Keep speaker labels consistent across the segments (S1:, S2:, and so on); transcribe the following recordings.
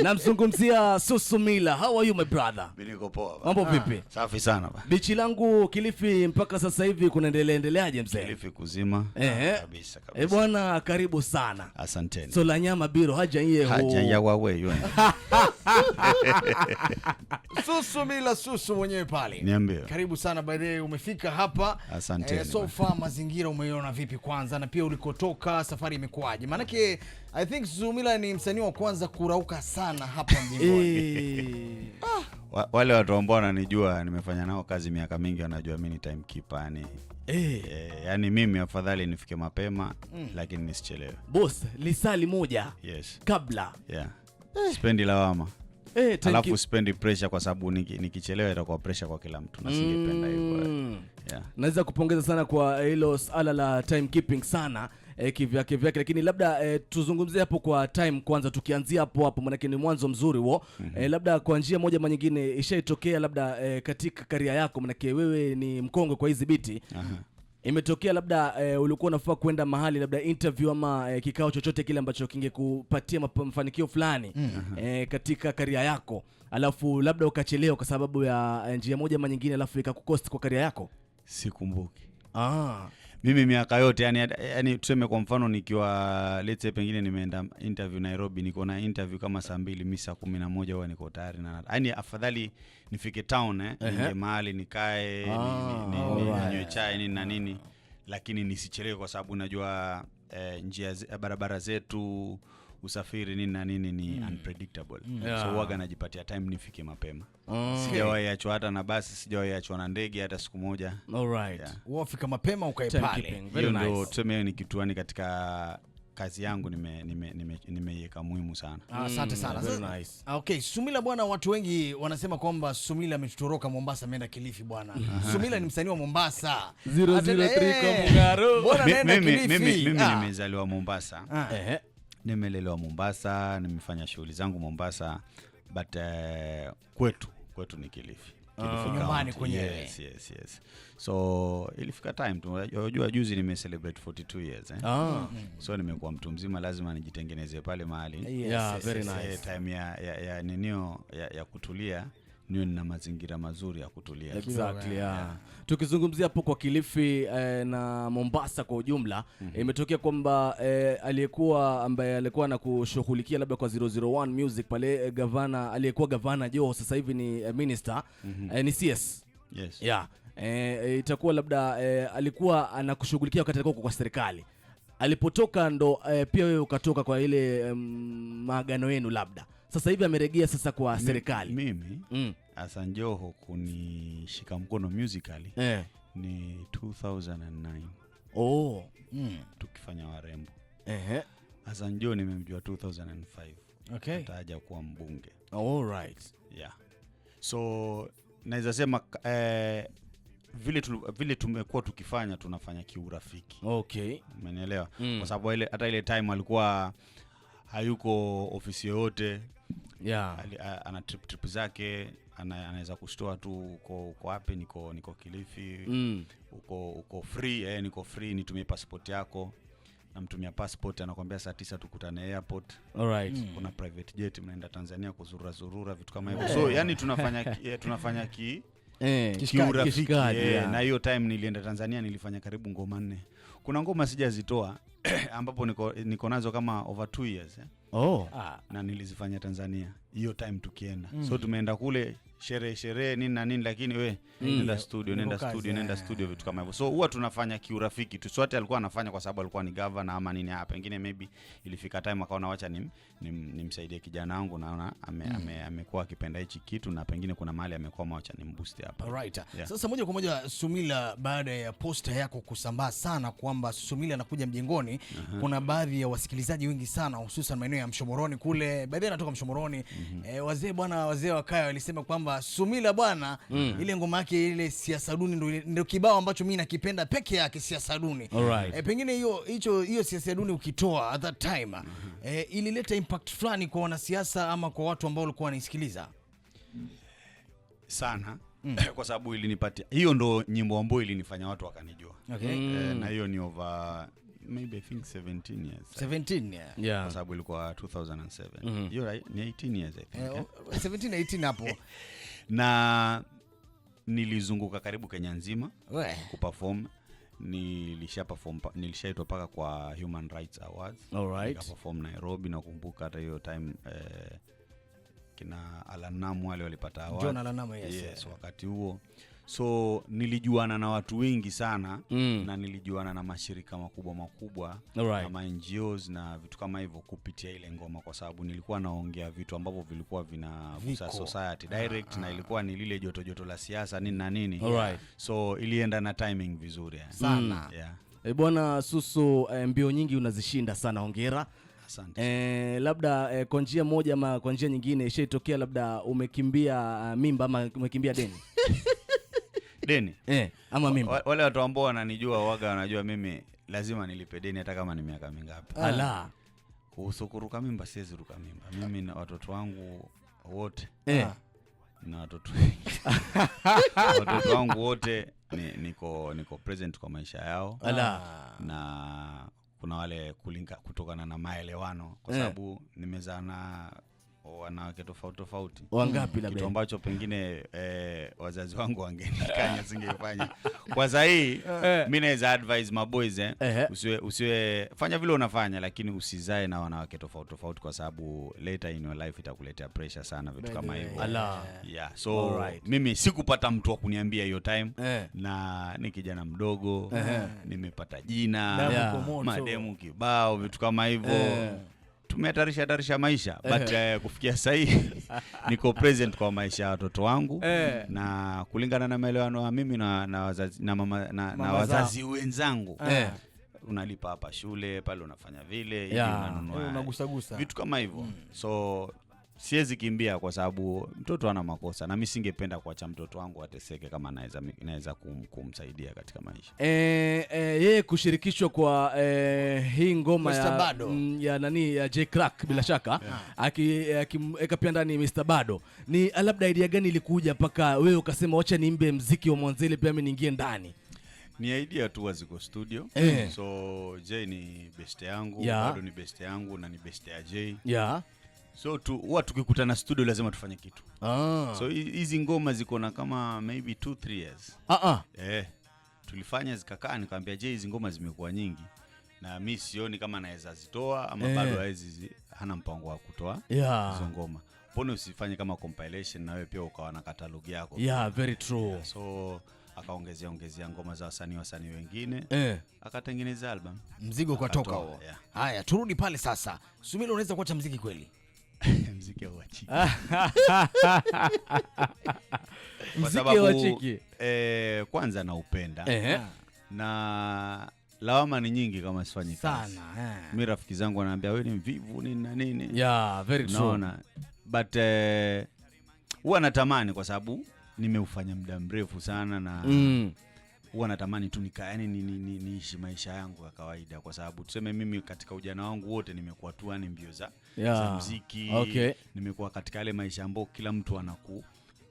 S1: Namzungumzia Susu Mila. How are you my brother?
S2: Niko poa baba. Mambo vipi? ah, Safi sana baba.
S1: Bichi langu Kilifi mpaka sasa hivi kunaendelea endeleaje mzee?
S2: Kilifi kuzima. Eh, kabisa kabisa.
S1: Eh, bwana karibu sana. Asanteni. Sola nyama biro haja yeye ho.
S2: Haja ya wawe yoni.
S1: Susu Mila Susu mwenyewe pale. Niambie. Karibu sana by the way umefika hapa. asante Eh, so far mazingira umeiona vipi kwanza na pia ulikotoka safari imekuwaje? Maana I think Susu Mila ni msanii wa kwanza kurauka sana sana hapa mbinguni.
S2: Wa, wale watu ambao wananijua nimefanya nao kazi miaka mingi wanajua mimi ni timekeeper yani. Eh, e, yani mimi afadhali nifike mapema mm, lakini nisichelewe.
S1: Boss, lisali moja. Yes. Kabla.
S2: Yeah. Eh. Sipendi lawama. Eh, alafu spendi pressure kwa sababu nikichelewa niki itakuwa pressure kwa kila mtu nasingependa singependa hivyo. Mm.
S1: Yeah. Naweza kupongeza sana kwa eh, hilo sala la timekeeping sana eh, kivyake vyake, lakini labda eh, tuzungumzie hapo kwa time kwanza, tukianzia hapo hapo, maanake ni mwanzo mzuri huo mm -hmm. eh, labda kwa njia moja ama nyingine ishaitokea labda eh, katika karia yako, maanake wewe ni mkongwe kwa hizi biti imetokea labda e, ulikuwa unafaa kwenda mahali labda interview ama e, kikao chochote kile ambacho kingekupatia mafanikio fulani mm -hmm. e, katika karia yako, alafu labda ukachelewa kwa sababu ya njia moja ama nyingine, alafu ikakukosti kwa karia yako.
S2: Sikumbuki ah mimi miaka yote yani, yani tuseme kwa mfano nikiwa let's pengine nimeenda interview Nairobi, niko na interview kama saa mbili mi saa kumi na moja huwa niko tayari na yani, afadhali nifike town eh, uh -huh. mahali nikae ah, ninywe ni, ni, ah, ni, chai nini na nini, lakini nisichelewe kwa sababu najua eh, njia barabara zetu usafiri nini na nini ni mm. unpredictable mm. yeah. so waga najipatia time nifike mapema oh. sijawahi achwa hata na basi sijawahi achwa na ndege hata siku moja
S1: right. yeah. wafika mapema ukae pale
S2: hiyo ndo tuseme ni kituani katika kazi yangu nimeiweka nime, nime, nime muhimu sana
S1: ah, asante ah, sana mm, very nice. okay sumila bwana watu wengi wanasema kwamba sumila ametutoroka mombasa ameenda kilifi bwana sumila ni msanii wa mombasa
S2: eh, mimi ah. nimezaliwa mombasa ah nimelelewa Mombasa, nimefanya shughuli zangu Mombasa, but uh, kwetu kwetu ni Kilifi
S1: ah. nyumbani kwenyewe.
S2: Yes, yes, yes. So ilifika time tu, unajua juzi nime celebrate 42 years eh. Ah. So nimekuwa mtu mzima, lazima nijitengeneze pale mahali. Yes,
S1: yeah, yes, yes, nice. Eh,
S2: time ya ya, ya ninio ya, ya kutulia niwe nina mazingira mazuri ya kutulia
S1: exactly, yeah. Yeah. Tukizungumzia hapo kwa Kilifi eh, na Mombasa kwa ujumla mm -hmm. Imetokea kwamba eh, aliyekuwa ambaye alikuwa na kushughulikia labda kwa 001 music pale eh, gavana aliyekuwa gavana jo sasa hivi ni eh, minister mm -hmm. eh, ni CS yes. Yeah. Eh, eh, itakuwa labda eh, alikuwa anakushughulikia wakati alikuwa kwa serikali alipotoka ndo eh, pia wewe ukatoka kwa ile um, maagano yenu labda sasa hivi ameregea sasa kwa serikali. Mimi mm.
S2: Hassan Joho kunishika mkono musically eh. ni 2009
S1: oh. Mm. mm.
S2: tukifanya warembo eh. Hassan Joho nimemjua 2005 okay. Ataja kuwa mbunge
S1: all right.
S2: yeah. so naweza sema eh, vile tu, vile tumekuwa tukifanya tunafanya kiurafiki. Okay. Umenielewa? Mm. Kwa sababu hata ile time alikuwa hayuko ofisi yoyote yeah. ana trip trip zake anaweza kustoa tu uko uko wapi niko niko kilifi mm. uko uko free eh, niko free nitumie passport yako namtumia passport anakwambia saa tisa tukutane airport right. Mm. kuna private jet mnaenda tanzania kuzurura zurura vitu kama hivyo eh. so yani tunafanya yeah, tunafanya ki Eh, kiurafiki eh, yeah. na hiyo time nilienda tanzania nilifanya karibu ngoma nne kuna ngoma sijazitoa ambapo niko, niko nazo kama over two years eh? oh. ah. na nilizifanya Tanzania hiyo time tukienda mm. so tumeenda kule sherehe sherehe nini na nini lakini we mm. nenda studio nenda Mbukazi, studio nenda studio vitu kama hivyo so huwa tunafanya kiurafiki tu sote alikuwa anafanya kwa sababu alikuwa ni gavana ama nini hapa pengine maybe ilifika time akaona wacha nimsaidie nim, kijana wangu naona ame, mm. ame, amekuwa akipenda hichi kitu na pengine kuna mahali amekwama wacha nimboost hapa
S1: right. yeah. sasa moja kwa moja Sumila baada ya posta yako kusambaa sana kwamba Sumila anakuja mjengoni uh -huh. kuna baadhi ya wasikilizaji wengi sana hususan maeneo ya Mshomoroni kule baadhi anatoka Mshomoroni mm mm -hmm. E, wazee bwana, wazee wa kaya walisema kwamba Sumila bwana mm. ile ngoma yake ile siasa duni ndo kibao ambacho mi nakipenda peke yake, siasa duni right. E, pengine hiyo hicho hiyo siasa duni ukitoa at that time mm -hmm. e, ilileta impact fulani kwa wanasiasa ama kwa watu ambao walikuwa wanaisikiliza
S2: sana mm. kwa sababu ilinipatia hiyo, ndo nyimbo ambayo ilinifanya watu wakanijua okay. mm. e, na hiyo ni over maybe I think 17 years.
S1: 17 yeah.
S2: Yeah. Kwa sababu ilikuwa 2007. Mm -hmm. You're right. Ni 18 years I think.
S1: Yeah, oh, 17 18 hapo.
S2: na nilizunguka karibu Kenya nzima We. kuperform nilisha perform nilishaitwa paka kwa Human Rights Awards. All right. Nika Nikaperform Nairobi na kumbuka hata hiyo time eh, kina Alanamu wale walipata awards.
S1: John Alanamu yes, yes,
S2: yes. Wakati huo so nilijuana na watu wengi sana mm. na nilijuana na mashirika makubwa makubwa right. na NGOs na vitu kama hivyo kupitia ile ngoma, kwa sababu nilikuwa naongea vitu ambavyo vilikuwa vinagusa society direct ah, na ilikuwa ni lile joto joto la siasa nini na nini right. so ilienda na timing vizuri
S1: sana mm, yeah. E, bwana Suso, e, mbio nyingi unazishinda sana, ongera Eh, e, labda eh, kwa njia moja ama kwa njia nyingine ishaitokea labda umekimbia uh, mimba ama umekimbia deni? deni eh, ama mimi
S2: Wale watu ambao wananijua waga wanajua mimi lazima nilipe deni hata kama ni miaka mingapi. Ah. Ala, kuhusu kuruka mimba, siwezi ruka mimba mimi na watoto wangu wote eh. na watoto watoto wangu wote ni, niko niko present kwa maisha yao. Ala. na kuna wale kulinga kutokana na maelewano kwa eh. sababu eh. nimezaa na wanawake tofauti tofauti, wangapi labda, kitu ambacho pengine eh, wazazi wangu wangenikanya singefanya. Kwa sahii hii mimi eh. naweza advise maboys eh, usiwe usiwe fanya vile unafanya, lakini usizae na wanawake tofauti tofauti, kwa sababu later in your life itakuletea pressure sana, vitu kama hivyo yeah. So right. Mimi sikupata mtu wa kuniambia hiyo time eh, na ni kijana mdogo eh, nimepata jina yeah, mademu kibao, vitu kama hivyo eh tumehatarisha hatarisha maisha but uh, kufikia sasa niko present kwa maisha ya watoto wangu na kulingana na maelewano ya mimi na, na wazazi, na mama, na, na wazazi wenzangu unalipa hapa shule pale unafanya vile yeah, unanunua yaani vitu kama hivyo mm. so siwezi kimbia kwa sababu mtoto ana makosa, na mimi singependa kuacha mtoto wangu ateseke kama naweza kum, kumsaidia katika maisha
S1: e, e, yeye kushirikishwa kwa e, hii ngoma
S2: ya, Bado. M, mm,
S1: ya nani ya J Crack bila ah. shaka yeah. aki pia ndani Mr. Bado, ni ah, labda idea gani ilikuja mpaka wewe ukasema wacha niimbe mziki wa Mwanzele pia mimi niingie ndani?
S2: Ni idea tu waziko studio e. So J ni beste yangu yeah. Bado ni beste yangu na ni beste ya J yeah so tu huwa tukikutana studio lazima tufanye kitu ah. So hizi ngoma ziko na kama maybe 2 3 years ah ah. Eh, tulifanya zikakaa, nikamwambia je, hizi ngoma zimekuwa nyingi na mi sioni kama naweza zitoa ama eh, bado hawezi, hana mpango wa kutoa yeah, hizo ngoma. Mbona usifanye kama compilation na wewe pia ukawa na katalogi yako?
S1: Yeah, very true yeah,
S2: so akaongezea ongezea ngoma za wasanii wasanii wengine eh, akatengeneza album,
S1: mzigo ukatoka. Haya, yeah. Turudi pale sasa, Sumila, unaweza kuacha mziki kweli?
S2: mziki hauachiki ah.
S1: mziki hauachiki
S2: eh, kwanza naupenda eh. na lawama ni nyingi kama sifanyi
S1: kazi eh.
S2: Mi rafiki zangu wanaambia we ni mvivu nini na nini
S1: yeah, very true. Naona
S2: but eh, huwa eh, natamani kwa sababu nimeufanya muda mrefu sana na mm huwa natamani tu nika yani ni, ni, ni, niishi maisha yangu ya kawaida, kwa sababu tuseme mimi katika ujana wangu wote nimekuwa tu yani mbio za, yeah. za muziki okay. Nimekuwa katika yale maisha ambayo kila mtu anaku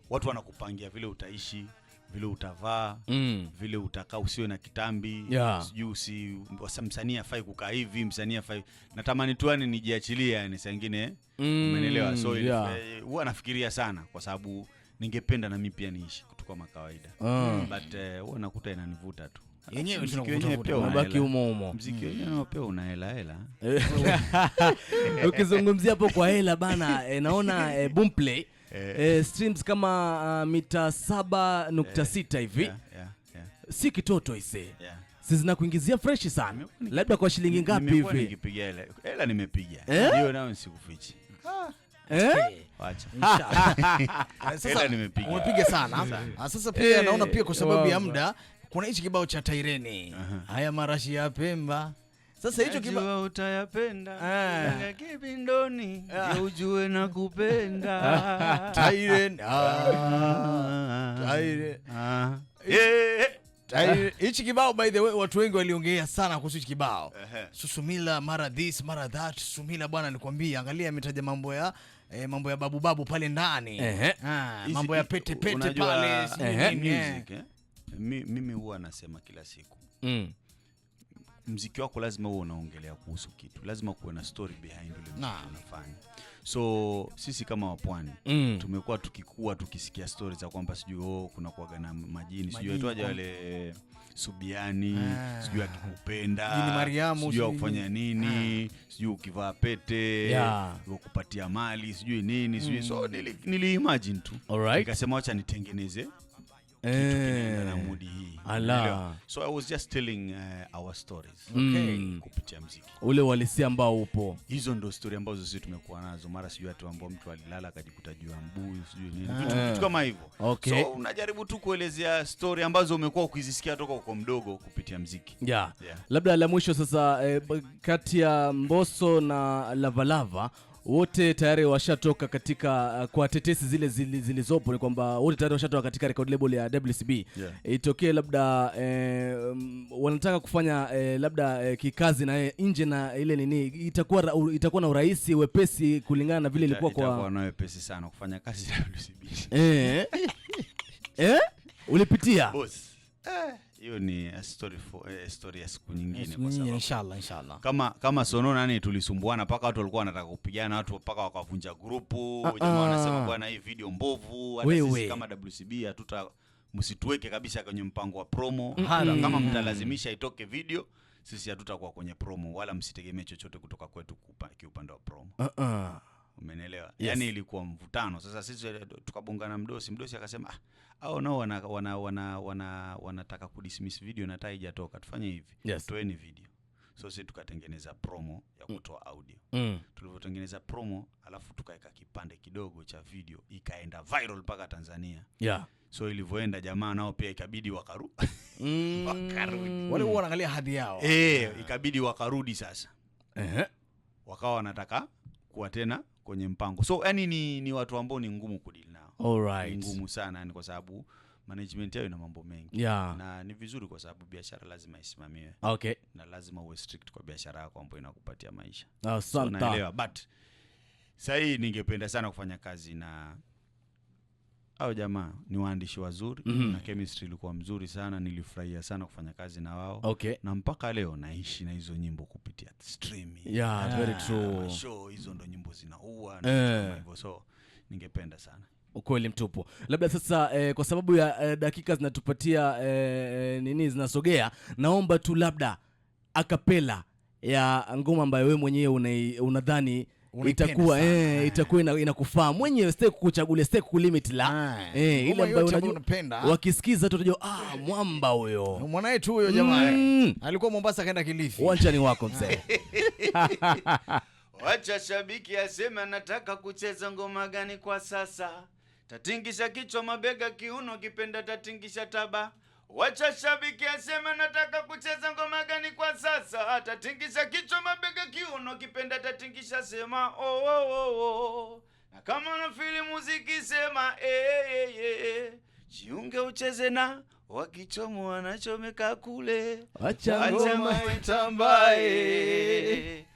S2: watu wanakupangia vile utaishi vile utavaa mm. vile utakaa, usiwe na kitambi yeah. sijui usi msanii afai kukaa hivi, msanii afai. Natamani tu yani nijiachilie, yani saa ingine mm. umenielewa, so eh, huwa yeah. nafikiria sana kwa sababu ningependa na mimi pia niishi tu kama kawaida mm. but eh, huwa uh, nakuta inanivuta tu mziki wenyewe hmm. pia una hela hela.
S1: Ukizungumzia hapo kwa hela bana, e, naona e, Boomplay e, streams kama uh, mita 7.6 hivi yeah, yeah, yeah. si kitoto ise yeah. Si kuingizia fresh sana, labda kwa shilingi ngapi hivi?
S2: nimepiga hela nimepiga hiyo, nayo sikufichi
S1: umepiga sana ah, sasa pia hey, eh, naona pia kwa sababu ya muda kuna hichi kibao cha Taireni uh-huh. haya marashi ya Pemba sasa hicho kibao
S2: utayapenda ah. kibindoni ah. ujue na kupenda
S1: Taireni ah. Taireni ah. ah. ah. yeah. Eh. hichi kibao by the way, watu wengi waliongea sana kuhusu hichi kibao Susumila mara this mara that, Susumila bwana, nikwambie, angalia ametaja mambo ya E, mambo ya babu babu pale ndani uh ah, -huh. mambo ya pete pete pale,
S2: eh? mimi huwa nasema kila siku mm mziki wako lazima huo unaongelea kuhusu kitu, lazima kuwe na story behind ule unafanya. So sisi kama wapwani mm. tumekuwa tukikua tukisikia stori za kwamba sijui oh, kuna kuaga na majini sijui aitwaje wale Subiani ah. sijui akikupenda
S1: Mariamu
S2: sijui akufanya nini ah. sijui ukivaa pete yeah. kupatia mali sijui nini sijui mm. so nili, nili imagine tu nikasema wacha nitengeneze Eh. Uh, mm. kupitia mziki
S1: ule walisi ambao upo.
S2: Hizo ndo stori ambazo sisi tumekuwa nazo, mara sijui watu ambao mtu alilala akajikuta juu ya mbuyu kama hivyo okay. So unajaribu tu kuelezea stori ambazo umekuwa ukizisikia toka uko mdogo kupitia mziki yeah. Yeah.
S1: Labda la mwisho sasa eh, kati ya mboso na Lavalava wote tayari washatoka katika uh, kwa tetesi zile zilizopo zili ni kwamba wote tayari washatoka katika record label ya WCB yeah. Itokee labda eh, mm, wanataka kufanya eh, labda eh, kikazi na eh, nje na ile nini, itakuwa itakuwa na urahisi wepesi kulingana na vile ilikuwa kwa
S2: itakuwa na wepesi sana kufanya kazi WCB
S1: eh eh ulipitia
S2: boss eh hiyo ni story for, eh, story ya siku nyingine
S1: kwa sababu inshallah inshallah,
S2: kama kama Sono nani tulisumbuana mpaka watu walikuwa wanataka kupigana watu mpaka wakavunja grupu. Ah, jamaa ah. wanasema bwana, hii video mbovu, hata sisi kama WCB hatuta msituweke kabisa kwenye mpango wa promo mm Kama mtalazimisha itoke video sisi hatutakuwa kwenye promo, wala msitegemee chochote kutoka kwetu kiupande wa promo uh -uh umenelewa Yes. yani ilikuwa mvutano. Sasa sisi eh, tukabongana mdosi, mdosi akasema ah, au nao wana wana wana wanataka wana kudismiss video na hata haijatoka. Tufanye hivi. Yes. Toeni video. So sisi tukatengeneza promo ya mm. kutoa audio. Mm. Tulivyotengeneza promo alafu tukaweka kipande kidogo cha video ikaenda viral mpaka Tanzania. Yeah. So ilivyoenda jamaa nao pia ikabidi wakaru. Mm. wakarudi.
S1: Wale wanaangalia hadhi yao.
S2: Eh, ikabidi wakarudi sasa. Eh. Uh -huh. Wakawa wanataka kuwa tena kwenye mpango. So yani ni, ni watu ambao ni ngumu kudili nao. right. Ni ngumu sana yani kwa sababu management yao ina mambo mengi yeah. Na ni vizuri kwa sababu biashara lazima isimamiwe, okay. Na lazima uwe strict kwa biashara yako ambayo inakupatia maisha.
S1: Asante. So,
S2: naelewa but sahii ningependa sana kufanya kazi na hao jamaa ni waandishi wazuri mm -hmm. na chemistry ilikuwa mzuri sana, nilifurahia sana kufanya kazi na wao okay. na mpaka leo naishi na hizo nyimbo kupitia streaming
S1: yeah, yeah. very ah, true
S2: show hizo ndo nyimbo zinaua na eh. hivyo so ningependa sana
S1: ukweli mtupu labda sasa eh, kwa sababu ya eh, dakika zinatupatia eh, eh nini zinasogea, naomba tu labda akapela ya ngoma ambayo wewe mwenyewe unadhani itakuwa eh, ah. itakuwa ina, inakufaa mwenyewe, sitaki kukuchagulia, sitaki kulimit la ah. eh,
S2: ile ambayo unajua,
S1: wakisikiza tu utajua ah, mwamba huyo
S2: mwana wetu huyo, jamaa mm. Eh.
S1: alikuwa Mombasa kaenda Kilifi,
S2: uwanjani wako mzee wacha shabiki aseme anataka kucheza ngoma gani kwa sasa, tatingisha kichwa, mabega, kiuno, kipenda tatingisha taba Wacha shabiki aseme nataka kucheza ngoma gani kwa sasa, atatingisha kichwa, mabega, kiuno, kipenda atatingisha, sema oh, oh, oh, oh. Na kama na muziki sema eh eh, eh, eh, eh. Jiunge ucheze na wakichomo wanachomeka kule, acha ngoma itambae.